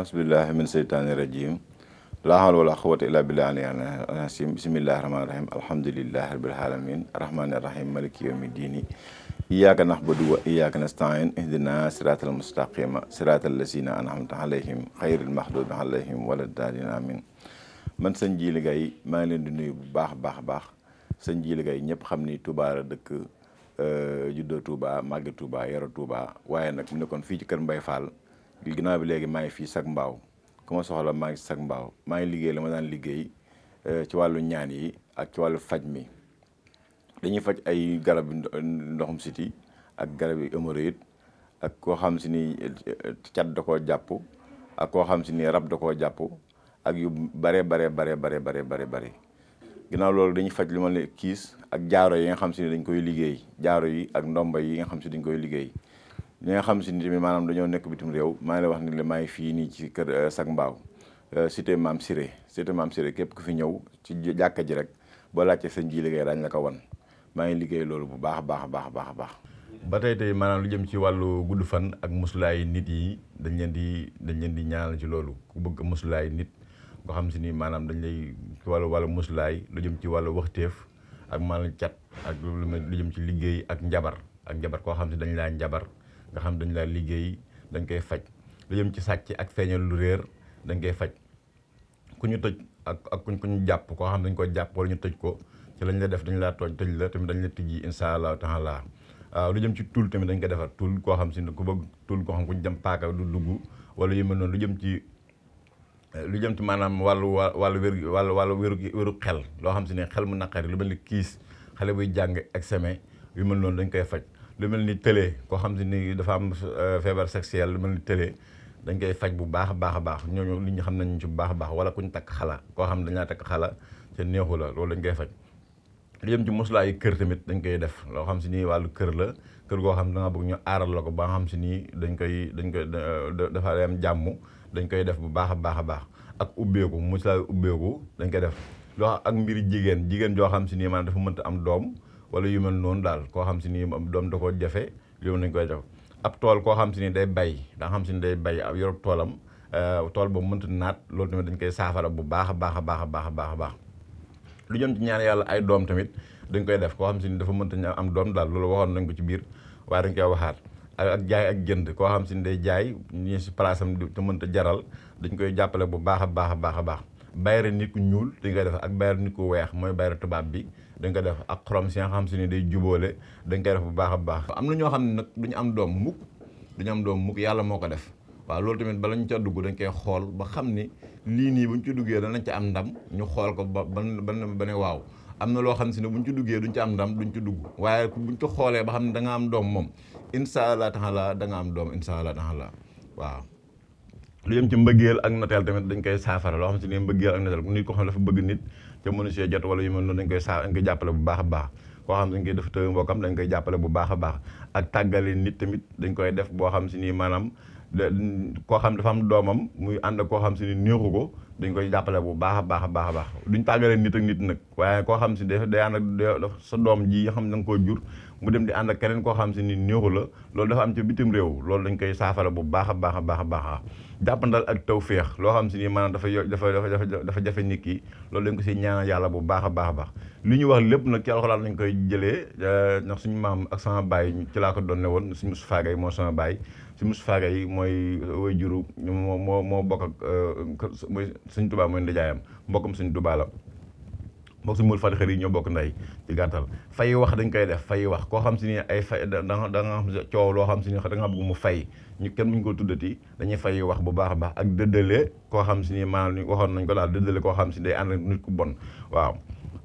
asbillahi min seytaani rajim laa hawla wala quwwata illa billahi al-azim bismillahi rahmani rahim alhamdulillahi rabbil alamin arrahmani arrahim maliki yawmi dini iyyaka na'budu wa iyyaka nasta'in ihdina siratal mustaqima siratal lazina an'amta alayhim ghayril maghdubi alayhim waladdallin amin man sëñ Djily Gaye maa ngi leen di nuyu bu baax baax baax sëñ Djily Gaye ñëpp xam ni Touba la dëkk euh, juddoo Touba màgge Touba yaro Touba waaye nag mu nekkoon fii ci kër Mbay Fall ginnaaw bi léegi maa ngi fii sag mbaaw ku soxla maa ngi sag mbaaw maa ngi liggéey la ma daan liggéey euh, ci wàllu ñaan yi ak ci wàllu faj mi dañuy faj ay garab ndoxum siti ak garab yi hémorroïde ak koo xam si ni euh, cat da koo jàpp ak koo xam si ni rab da koo jàpp ak yu bare bare bare bare bare bare bare ginnaaw loolu dañuy faj lu ma ne kiis ak jaaro yi nga xam si ne dañ koy liggéey jaaro yi ak ndomba yi nga xam si dañ koy liggéey ñi nga xam si ni tamit maanaam dañoo nekk bitim réew maa ngi lay wax ngi fii nii ci kër euh, Sac Mbao euh, cité Maam Siré cité Maam Siré képp ku fi ñëw ci jàkka ji rek boo laajte sëñ ji liggéey daañu la ko wan maa ngi liggéey loolu bu baax baax baax baax baax ba tey maanaam lu jëm ci wàllu gudd fan ak musulaay nit yi dañ leen di dañ leen di ñaanal ci loolu ku bëgg musulaay nit nga xam si ni maanaam dañ lay ci wàllu wàllu musulaay lu jëm ci wàllu waxteef ak maanaam cat ak lu jëm ci liggéey ak njabar ak njabar koo xam si dañ laa njabar nga xam dañ laa liggéey dañ koy faj lu jëm ci sàcc ak feeñal lu réer dañ koy faj ku ñu tëj ak ak ku ñu jàpp koo xam dañ ko jàpp wala ñu tëj ko ci lañ la def dañ laa tooñ tëj la tamit dañ la tijji insha allahu taala waaw lu jëm ci tul tamit dañ ko defar tul ko xam si ne ku bëgg tul ko xam ku ñu jëm paaka du dugg wala yu mel noonu lu jëm ci lu jëm ci maanaam wàllu wàllu wér wàllu wàllu wéru wéru xel loo xam si ne xel mu naqari lu mel ni kiis xale buy jàng examen yu mel noonu dañ koy faj lu mel ni télé koo xam ne ni dafa am euh, feebar sexuel lu mel ni télé dañ koy faj bu baax a baax a baax ñooñu li ñu xam nañu si bu baax baax wala kuñ takk xala koo xam dañaa takk xala te neexu loolu dañ koy faj li jëm ci kër tamit dañ koy def loo xam si nii wàllu kër la kër goo xam da nga bëgg ñu aaral la ko ba nga xam si nii dañ koy dañ koy dafa am jàmm dañ koy def bu baax a baax a baax ak ubbeeku mosulaayu ubbeeku dañ koy def loo ak mbir jigéen jigéen joo xam si nii maanaam dafa mënta am doom wala yu mel noonu daal koo xam si ni doom da koo jafe loolu nañ koy def ab tool koo xam si ni day bay daa xam si ni day bay ab yorub toolam euh, tool boobu mënta naat loolu tamit dañ koy saafara bu baax a baax a baax a baax baax a baax lu jën ci ñaan yàlla ay doom tamit dañ koy def koo xam si ni dafa mënta ña am doom daal loolu waxoon nañ ko ci biir waaye dañ koy waxaat ak jaay ak jënd koo xam si ni day jaay nii si place am te mënta jaral dañ koy jàppale bu baax a baax a baax a baax bayre nit ku ñuul di ko def ak bayre nit ku weex mooy bayre tubaab bi da nga def ak xorom si xam si ne day juboole da koy def bu baax a baax am na ñoo xam ne nag duñu am doom mukk duñu am doom mukk yàlla moo ko def waaw loolu tamit bala ñu ca dugg dañ koy xool ba xam ni lii nii bu ci duggee danañ ci am ndam ñu xool ko ba ban ban ba ne waaw am na loo xam si ne bu ñu ci duggee duñ ci am ndam duñ ci dugg waaye buñ ci xoolee ba xam ne danga am doom moom incha allah taala da nga am doom incha allah taala waaw lu yem ci mbëggeel ak nateel tamit dañ koy saafara loo xam si ne mbëggeel ak nateel nit ko xam ne dafa bëgg nit te mënu see jot wala yu mel noonu dañ koy saa dañ koy a xam a baax ak tamit dañ koy def boo xam si nii maanaam koo xam dafa am doomam muy ànd ak koo xam si ni néexu ko dañ koy jàppale bu baax a baax a baax a baax duñ tàggale nit ak nit nag waaye koo xam si day ànd ak sa doom ji xam ne da koo jur mu dem di ànd ak keneen koo xam si ni néexu la loolu dafa am ci bitim réew loolu dañ koy saafara bu baax a baax a baax a baax jàppandal ak taw feex loo xam si ni maanaam dafa dafa dafa dafa jafe nit ki loolu dañ ko si ñaan yàlla bu baax a baax a baax li ñuy wax lépp nag ci alxuraan nañ koy jëlee eh, ndax suñu maam ak sama baay ci laa ko doon ne woon suñu Moustapha Gaye moo sama baay si Moustapha Gaye mooy way juru moo moo moo bokk ak eh, mooy suñ tubaa mooy ndajaayam mbokkum suñ tubaa la moom si mul fati xër ñoo bokk ndey ci gàttal fay wax dañ koy def fay wax koo xam si ni ay fay da nga da nga coow loo xam si ni da nga bëgg mu fay ñu kenn muñ ko tuddati dañuy fay wax bu baax a baax ak dëddale koo xam si ni maanaam ni waxoon nañ ko laal dëddale koo xam si day ànd nit ku bon waaw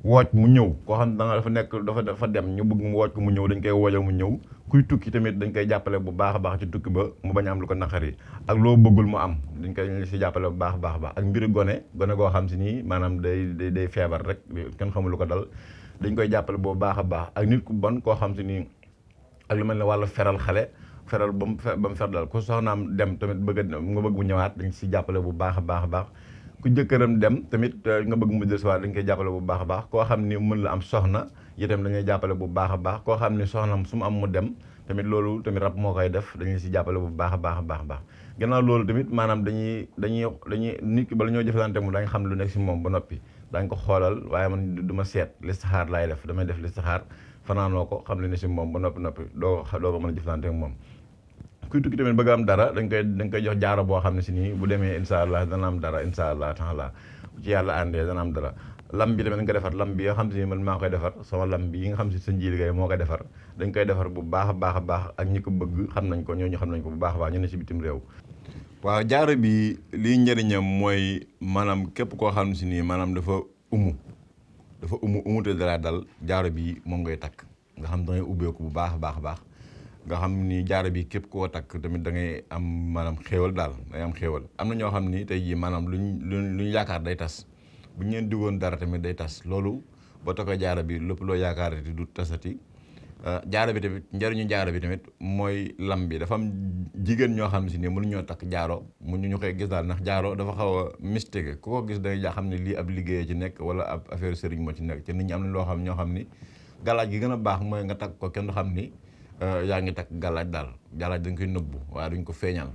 wooj mu ñëw koo xam ne da dafa nekk dafa dafa dem ñu bëgg mu wooj ko mu ñëw dañ koy woojal mu ñëw kuy tukki tamit dañ koy jàppale bu baax a baax ci ba mu bañ a am lu ko naqari ak loo bëggul mu am dañ koy si jàppale bu baax a baax baax ak mbiri gone goo xam si maanaam day day feebar rek kenn xamul ko dal dañ koy jàppale bu baax a baax ak nit ku bon koo xam si nii ak lu mel ne wàllu feral xale feral ba mu fer ba mu fer dal ku soxnaam dem tamit bëgg nga bëgg mu ñëwaat dañ si jàppale bu baax a baax a baax ku jëkkëram dem tamit euh, nga bëgg mu dellusiwaat dañ koy jàppale bu baax a baax koo xam ni mën la am soxna itam dañuy jàppale bu baax baax koo xam ni soxnaam su mu am mu dem tamit loolu tamit rab moo koy def dañuy si jàppale bu baax a baax a baax baax gannaaw loolu tamit maanaam dañuy dañuy dañuy nit ki bala ñoo jëflante mu daañ xam lu nekk si moom ba noppi daañ ko xoolal waaye man du ma seet listixaar laay def damay def listixaar fanaanoo ko xam lu ne si moom ba noppi noppi doo doo ko mën a jëflante ak moom kuy tukki tamit bëgg am dara dañ koy dañ koy jox jaaro boo xam ne si nii bu demee incha allah dana am dara incha allah taala ci yàlla àndee dana am dara lam bi tamit dañ koy defar lam bi nga xam si ni man maa koy defar sama lam bi yi nga xam si koy defar bu baax a baax a baax ak ñi ko xam nañ ko ñooñu ñu ne si bitim réew waaw jaaro bi liy njëriñam mooy maanaam képp koo xam si nii maanaam dafa umu dafa umu umuté dalaa dal jaaro bi moom ngay takk nga xam dangay ubbeeku bu baax a baax a baax nga xam ni jaara bi képp koo takk tamit da ngay am maanam xéewal daal da ngay am xéewal am na ñoo xam ni tey jii maanaam luñ luñ luñ yaakaar day tas bu ñu leen digoon dara tamit day tas loolu boo takkoo jaaro bi lépp loo yaakaarati du tasati euh, jaara bi tamit njariñu jaaro bi tamit mooy lam bi dafa am jigéen ñoo xam si ne ñoo takk jaaro mu ñu koy gis daal ndax jaaro dafa xaw a mystique ku ko gis day xam ne lii ab liggéey ci nekk wala ab affaire sëriñ moo ci nekk ci nit ñi am na loo xam ñoo xam ni galaaj gi gën a mooy nga takk ko kenn du xam ni Euh, yaa ngi takk gàllaaj daal gàllaaj dañ koy nëbbu waaye duñ ko feeñal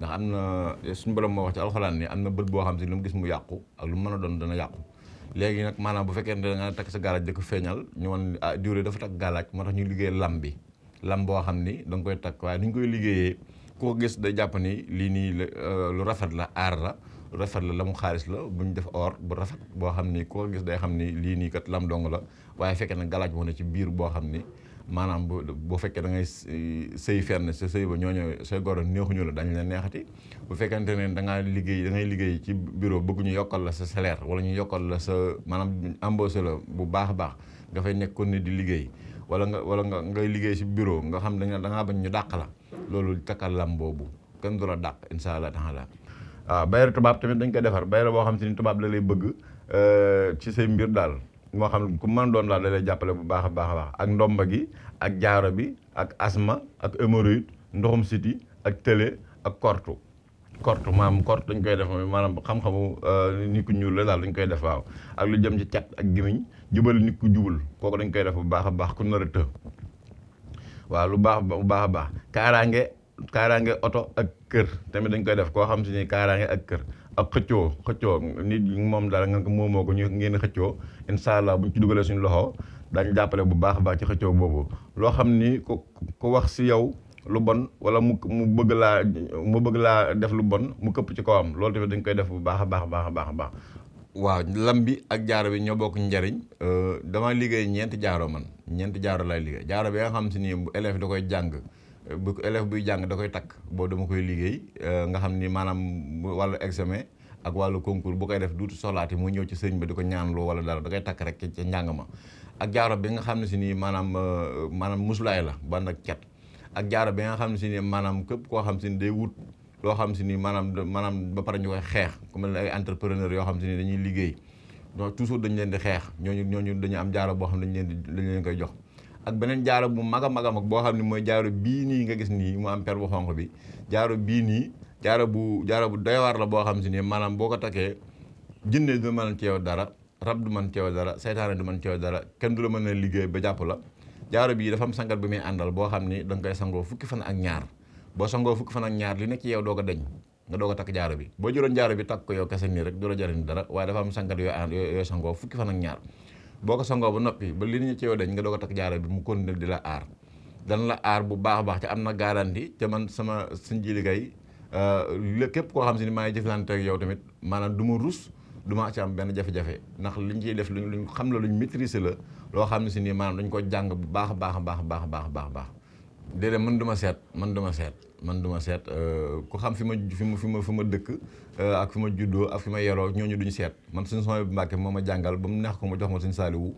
ndax am na suñu borom moo wax ci alxuraan ni am na bët boo xam si lu mu gis mu yàqu ak lu mu mën a doon dana yàqu léegi nag maanaam bu fekkee ne da nga sa gàllaaj da feeñal ñu wan ah diwle dafa takk gàllaaj moo tax ñu liggéey lam bi lam boo xam ni da koy takk waaye ni koy liggéeyee ku gis day jàpp ni lii nii euh, lu rafet la aar la rafet la la mu xaalis la bu ñu def or bu rafet boo xam ni ku ko gis day xam ni lii nii kat lam dong la waaye fekkee ne gàllaaj moo ne ci biir boo xam ni maanaam bu bu fekkee da ngay sëy fenn sa sëy ba ñooñu say goro neexuñu la dañu la neexati bu fekkente ne da ngaa liggéey da liggéey ci bureau bëgg ñu yokkal la sa salaire wala ñu yokkal sa maanaam embauché la bu baax a baax nga nekkoon ne di liggéey wala nga wala nga ngay liggéey si bureau nga xam dañ da bañ ñu dàq la loolu lam boobu kenn du la dàq insha allah taala waaw ah, bayra tubaab tamit dañ koy defar bayra boo xam si ni tubaab la lay bëgg euh, ci say mbir daal moo xam ku mën doon laa da lay jàppale bu baax a baax a ak ndomba gi ak jaaro bi ak asma ak hémorroïde ndoxum siti ak télé ak kort kortu maam kortu dañ koy def maanaam xam-xamu euh, nikku ñuul la daal dañ koy def waaw ak lu jëm ci cat ak gémmiñ jubal nikku ku jubul kooku dañ koy def bu baax a baax ku nar a të waaw lu baax bu baax a baax kaaraange kaaraange oto ak kër tamit dañ koy def koo xam si ni kaaraange ak kër ak xëccoo xëccoo nit moom daal nga ko moomoo ko ñu ngeen xëccoo incha allah buñ ci dugalee suñu loxo daañu jàppale bu baax a baax ci xëccoo boobu loo xam ni ku ku wax si yow lu bon wala mu mu bëgg laa mu bëgg laa def lu bon mu këpp ci am loolu tamit dañ koy def bu baax a baax a baax a baax. waaw lam bi ak jaaro bi ñoo bokk njariñ euh, damaa liggéey ñeenti jaaro man ñeenti jaaro laay liggéey jaaro bi nga xam si ni bu élève da koy jàng. bu élève buy jàng da koy takk boo dama koy liggéey euh, nga xam ni maanaam wàllu examen ak wàllu concours bu koy def duutu soxlaati mu ñëw ci sëriñ bi di ko ñaanloo wala dara da koy takk rek ca njàng ma ak jaaro bi nga xam ne si nii maanaam euh, maanaam musulaay la ban nag cet ak jaaro bi nga xam ne si nii maanaam képp koo xam si ni day wut loo xam si ni maanaam maanaam ba pare ñu koy xeex ku mel ne ay entrepreneur yoo xam si ni dañuy liggéey donc toujours dañu leen di xeex ñooñu ñooñu dañu am jaaro boo xam ne dañu leen di dañu leen koy jox ak beneen jaaro bu mag a mag a boo xam ne mooy jaaro bii nii nga gis nii mu am per bu xonq bi jaaro bii nii jaaro bu jaaro bu doy la boo xam si ni maanaam boo ko takkee jinne du mën ci yow dara rab du mën ci yow dara seytaane du mën ci yow dara kenn du la mën a liggéey ba jàpp la jaaro bii dafa am bi muy àndal boo xam ni da koy sangoo fukki fan ak ñaar boo sangoo fukki fan ak ñaar li nekk ci yow doo ko deñ nga doo ko takk jaaro bi boo jëloon jaaro bi takk ko yow kese nii rek du la jariñ dara waaye dafa am sangat yooyu ànd yooyu sangoo fukki fan ak ñaar boo ko sangoo ba noppi ba li ñu ci yow dañ nga doog ko takk jaara bi mu continuer di la aar dana la aar bu baax a baax te am na garanti te man sama suñ ji euh, liggéey lépp képp koo xam si ni maa ngi jëflante ak yow tamit maanaam du ma rus du ma ci am benn jafe-jafe ndax liñ ciy def luñ luñ xam la luñ maîtriser la loo xam ne si nii maanaam dañ koo jàng bu baax a baax a baax a baax a baax. déedéet man du ma seet man du ma seet man du ma seet euh, ku xam fi ma fi ma fi ma fi ma dëkk euh, ak fi ma juddoo ak fi ma yaroo ñooñu duñ seet man suñu sama bi Mbàkke moo ma jàngal ba mu neex ko ma jox ma suñu saaliwu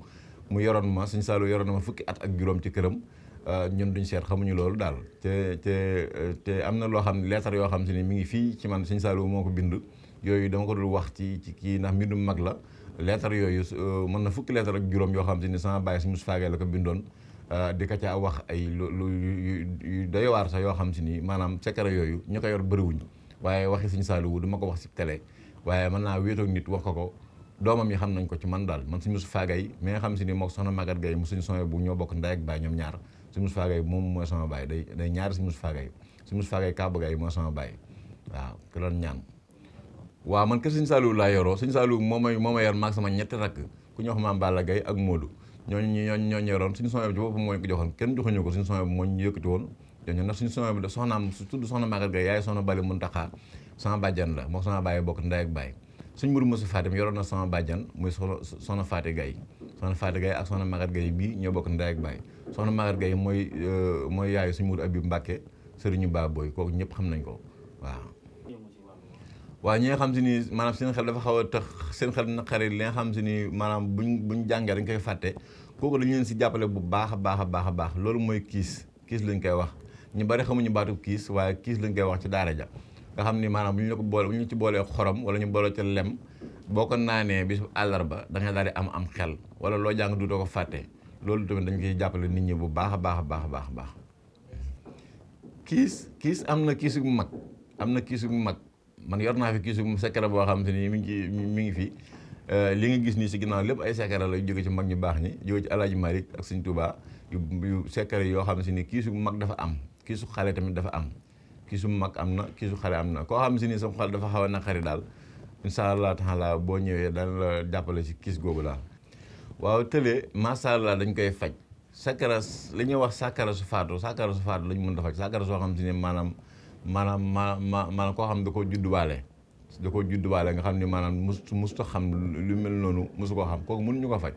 mu yoroon ma suñu saaliwu yoroon na ma at ak juróom ci këram euh, ñun duñ seet xamuñu loolu daal te te am na loo xam ne leetar yoo xam ni mi ngi fii ci man suñu saaliwu moo ko bind yooyu dama dul wax ci ci kii ndax mbindum mag la leetar yooyu mën na fukki leetar ak yoo xam si ni sama bàyyi si la ko bindoon Euh, di ko caa wax ay lu lu yu doy waar sax yoo xam ni maanaam secret yooyu ñu ko yor bëriwuñ waaye waxi suñu saaliwu du ma ko wax si télé waaye mën naa wéetoog nit wax ko ko doomam yi xam nañ ko ci man daal man suñu Moustapha Gaye mi nga xam si ni moo soxna Maguette Gaye mu suñu soxna bu ñoo bokk ndey ak ñoom ñaar suñu Moustapha moom mooy sama baay day day ñaari suñu Moustapha Gaye suñu Moustapha Gaye Kaba Gaye mooy sama baay waaw ki loon ñaan waaw man kër suñu saaliwu laa yoroo suñu saaliwu moo may moo ma yor maag sama ñetti rakk ku ñu wax maam Balla Gaye ak Modou ñooñu ñoo ñoo ñoroon suñu soxna bi ci boppam moo ñu ko joxoon kenn joxuñu ko suñu soxna bi moo ñu yëkkati woon ñooñu ndax suñu soxna bi da soxnaam su tudd soxna Maguette Gueye yaay soxna Bali Muntaxa sama bàjjan la moo sama bàyyi bokk ndey ak bàyyi suñ muru mosu Fatim yoroon na sama bàjjan muy soxna soxna Faati Gaye soxna Faati Gaye ak soxna Maguette Gaye bii ñoo bokk ndey ak bàyyi soxna Maguette Gaye mooy euh, mooy yaayu suñ muru Abib Mbàkke sëriñu Ba Boy kooku ñëpp xam nañ ko waaw waaw ñi nga xam si ni maanaam seen xel dafa xaw a tax seen xel naqari li nga xam si ni maanaam bu buñ jàngee dañ koy fàtte kooku dañu leen si jàppale bu baax a baax a baax a baax loolu mooy kiis kiis lañ koy wax ñu bari xamuñu baatu kiis waaye kiis lañ koy wax ci daara ja nga xam ni maanaam bu ñu la ko boole ñu ci boolee xorom wala ñu boole ca lem boo ko naanee bis àllarba da nga daal di am am xel wala loo jàng du doo ko fàtte loolu tamit dañ koy jàppale nit ñi bu baax a baax baax baax kiis kiis am na kiis bu mag am na kiis bu mag man yor naa fi kii mu sekara boo xam te ni mi ngi mi ngi fi euh, li nga gis nii si ginnaaw lépp ay sekara la jóge ci mag ñu baax ñi jóge ci alaaji Malick ak Sëñ Tuubaa yu yu sekara yoo xam ni kii su mag dafa am kii su xale tamit dafa am kii su mag am na kii su xale na koo xam si ni sam xale dafa xaw a naqari daal incha allah taala boo ñëwee daan jàppale si kiis googu daal waaw tëlee macha allah dañ koy faj sakara li ñuy wax sakara su faatu sakara su faatu lañ mën a faj sakara soo xam si ne maanaam maanaam ma maanaam koo xam ne da koo judduwaale da koo judduwaale nga xam ne maanaam mus musta xam lu mel noonu musu koo xam kooku mënuñu ko faj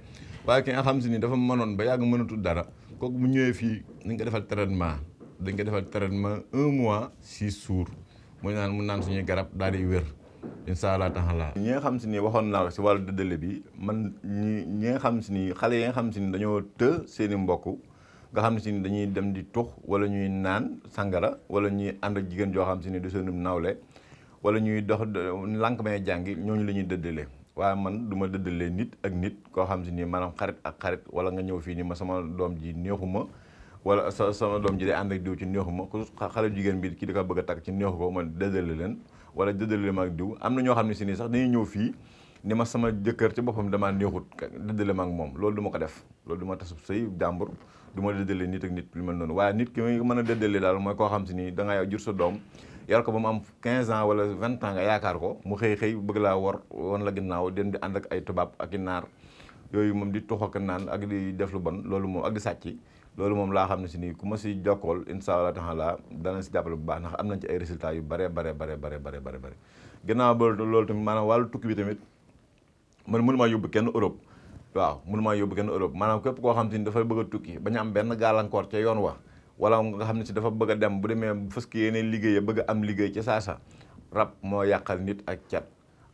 waaye ki nga xam si ni dafa mënoon ba yàgg mënatul dara kooku bu ñëwee fii dañ ko defal traitement dañ ko defal traitement un mois six jours muy naan mun naan suñuy garab daal di wér incha allah taala ñi nga xam si ni waxoon naa ko si wàllu dëddale bi man ñi ñi nga xam si ni xale yi nga xam si ni dañoo të seen i mbokk nga xam ne si ni dañuy dem di tux wala ñuy naan sangara wala ñuy ànd ak jigéen joo xam si ni du seenum nawle wala ñuy dox lànk may jàngi ñooñu la ñuy dëddalee waaye man duma ma dëddalee nit ak nit koo xam si ni maanaam xarit ak xarit wala nga ñëw fii ni ma sama doom ji neexuma wala sa sama doom ji day ànd ak diw ci neexuma ku xale jigéen bi ki di ko bëgg a takk ci neexu ko ma dëddale leen wala dëddale ma ak diw am na ñoo xam ni si nii sax dañuy ñëw fii ni ma sama jëkkër ci boppam damaa neexut dëddale ma ak moom loolu du ma ko def loolu du ma tasub jàmbur du ma dëddale nit ak nit lu mel noonu waaye nit ki nga mën a dëddale daal mooy koo xam si ni da nga jur sa doom yar ko ba mu am 15 ans wala 20 ans nga yaakaar ko mu xëy xëy bëgg laa war wan la ginnaaw den di ànd ak ay tubaab ak i naar yooyu moom di tux ak naan ak di def lu bon loolu moom ak di sàcc loolu moom laa xam ne si nii ku ma si jokkool insha allah taala dana si jàppale bu baax ndax am nañ ci ay résultats yu bare bare bare bare bare bare bare gannaaw ba loolu tamit maanaam wàllu tukki bi tamit man mënu maa yóbbu kenn Europe waaw mënumaa yóbbu kenn Europe maanaam képp koo xam te ni dafa bëgg a tukki bañu am benn gàllankoor ca yoon wa wala nga xam ne si dafa bëgg dem bu demee bu fës yéeneen liggéey bëgg a am liggéey ci saasa rab moo yàqal nit ak cat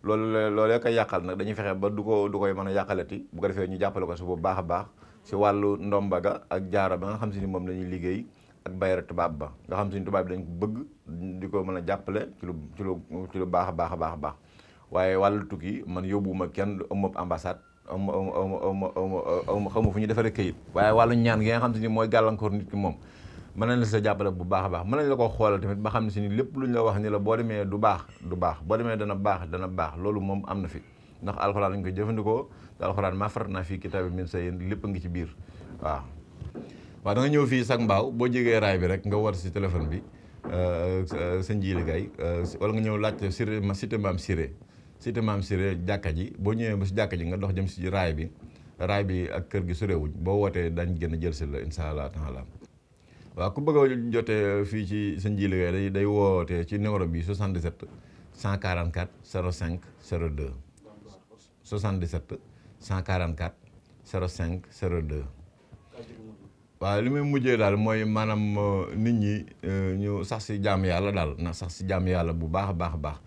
loolu loolu koy yàqal nag dañuy fexe ba du ko du koy mën a yàqalati bu ko defee ñu jàppale ko si bu baax a baax si ndomba ga ak jaara ba nga xam si ni moom la liggéey ak bayra tubaab ba nga xam si ni tubaab bi dañ ko bëgg di ko mën a jàppale ci lu ci lu baax a baax a baax a baax waaye wàllu tukki man yóbbuwuma kenn du ëmmab ambassade awma awma awma awma awma xawma fu ñu defaree këyit waaye wàllu ñaan gi nga xam te ni mooy gàllankoor nit moom mën nañ sa jàppale bu baax a baax mën nañ la ko xoolal tamit ba xam ne si ni lépp lu ñu la wax ni la boo demee du baax du baax boo demee dana baax dana baax loolu moom am na fi ndax alxuraan lañ ko jëfandikoo te alxuraan maa farat naa fii kitaabi min say lépp a ngi ci biir waaw waaw da nga ñëw fii sax mbaaw boo jegee raay bi rek nga war si téléphone bi euh, euh, sa njiili gay euh, wala nga ñëw laajte siré ma cité mbaam siré cité Maam Siré jàkka ji boo ñëwee ba si jàkka ji nga dox jëm si raay bi raay bi ak kër gi suréewuñ boo wootee dañ gën jël si la incha allah taala waaw ku bëgg a jotee fii ci sëñ Djily Gaye day day wootee ci numéro bi 77 144 05 02 77 144 05 02 waaw li muy mujjee daal mooy maanaam euh, nit ñi euh, ñu sax si jàmm yàlla daal na sax si jàmm yàlla bu baax a baax a baax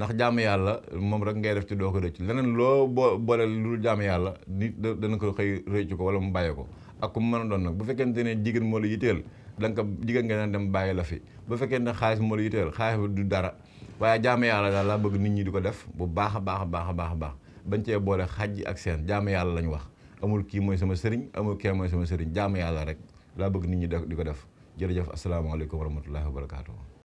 ndax jàmm yàlla moom rek ngay def ci doo ko rëcc leneen loo boo boole lu jàmm yàlla di dana ko xëy rëcc ko wala mu bàyyi ko ak ku mu mën a doon nag bu fekkente ne jigéen moo la yitteel da nga ko jigéen nga naan dem bàyyi la fi bu fekkee ne xaalis moo la yitteel xaalis du dara waaye jàmm yàlla daal laa bëgg nit ñi di ko def bu baax a baax a baax a baax a baax bañ cee boole xaj ak seen jàmm yàlla lañ wax amul kii mooy sama sëriñ amul kii mooy sama sëriñ jàmm yàlla rek laa bëgg nit ñi di ko def jërëjëf asalaamaaleykum wa rahmatullahi wa